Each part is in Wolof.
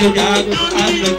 ànd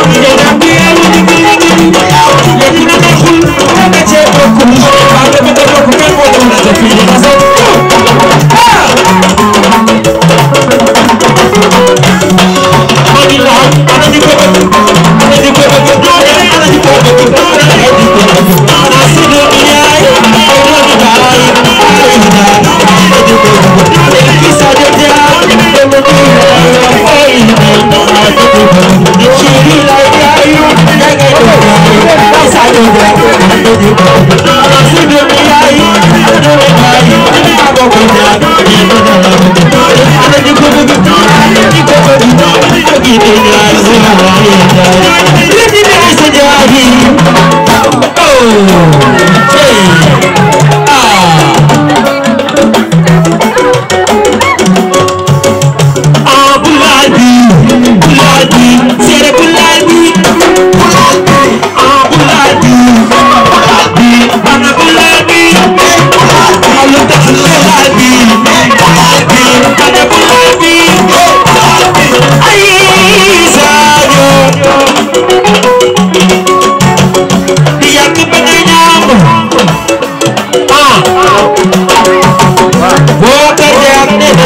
Thank you.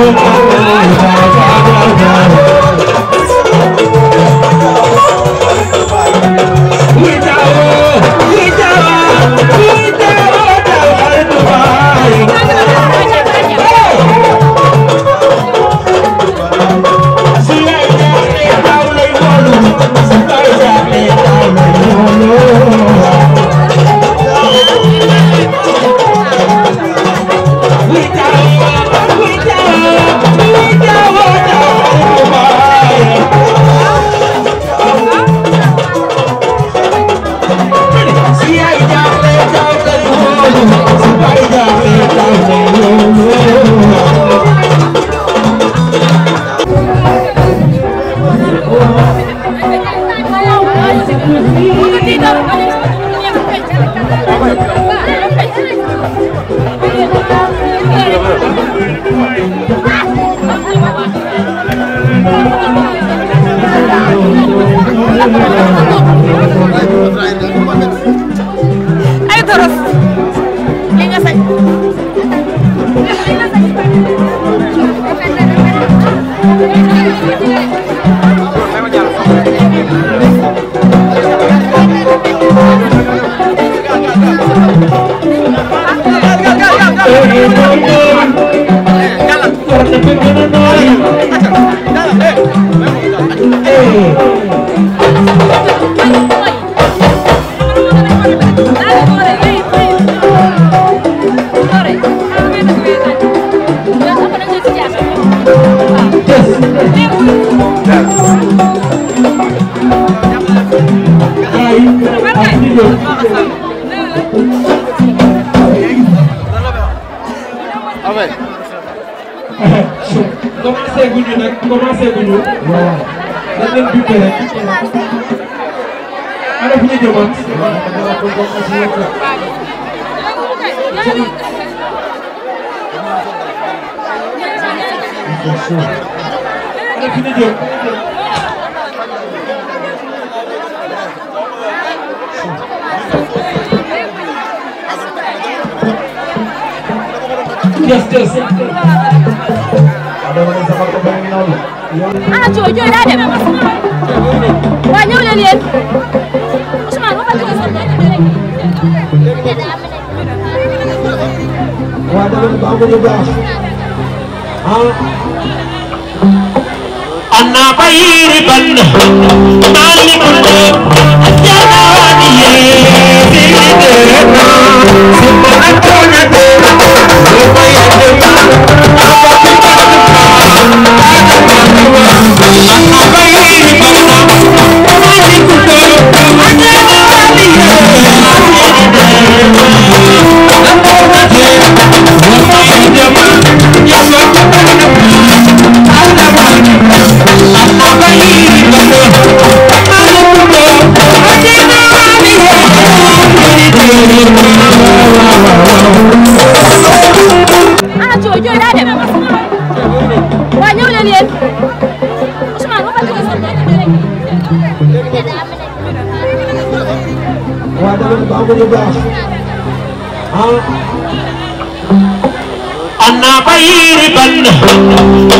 Thank you. Thank you. amen. commencé guñu nag commencé guñu. waaw. dañ leen buté rek. ana fu ñu jëmoon. ana fu ñu jëm. tes tes ah coow jooy daa dem waa ñëw leen yéen Ousmane waxal jooy sax waa dama ba ko ñu baax أنا بير بن مالك الجواني في درنا ثم أنت gën a baax ah. ana bayri ban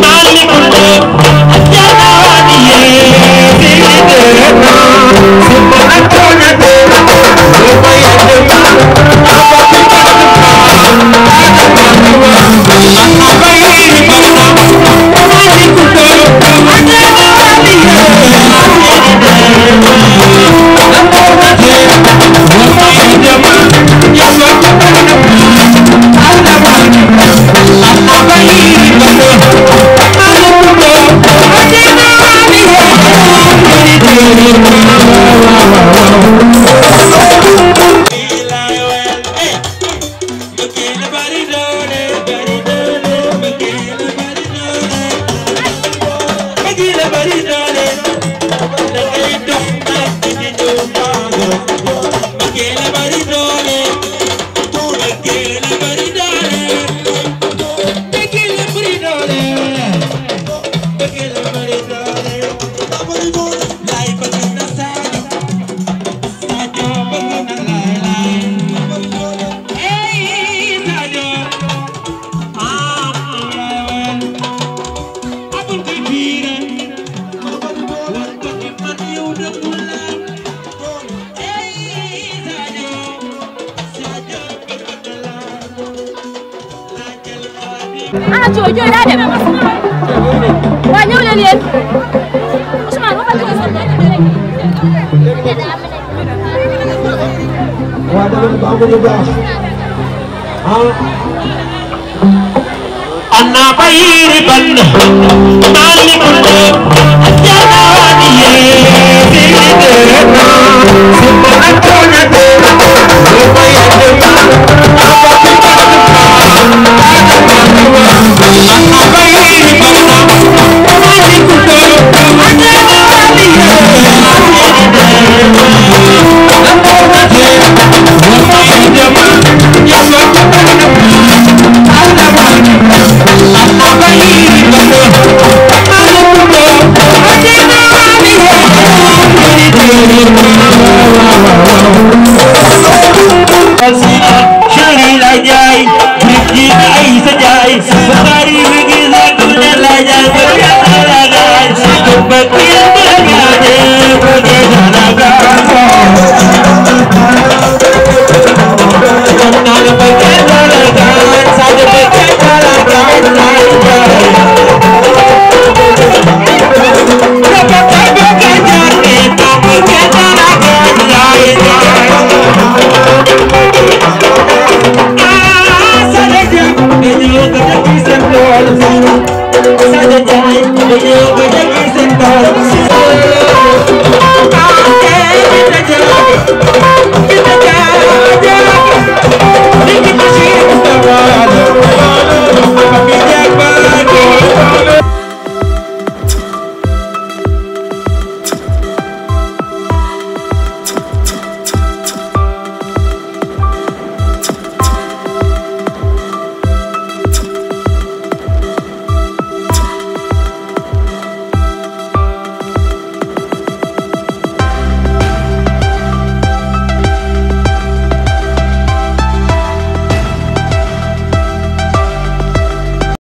maalikul lépp jaraani yee di dee naa si ma antoona dee si ma yedde maa abati maa ana maa ah Thio Thio daa dem waaw ñëw leen yéen Ousmane waxal Thio sax waaw dama ne ko amuñu baax ah. ana bayri ban maalikul asjaraani Brasil.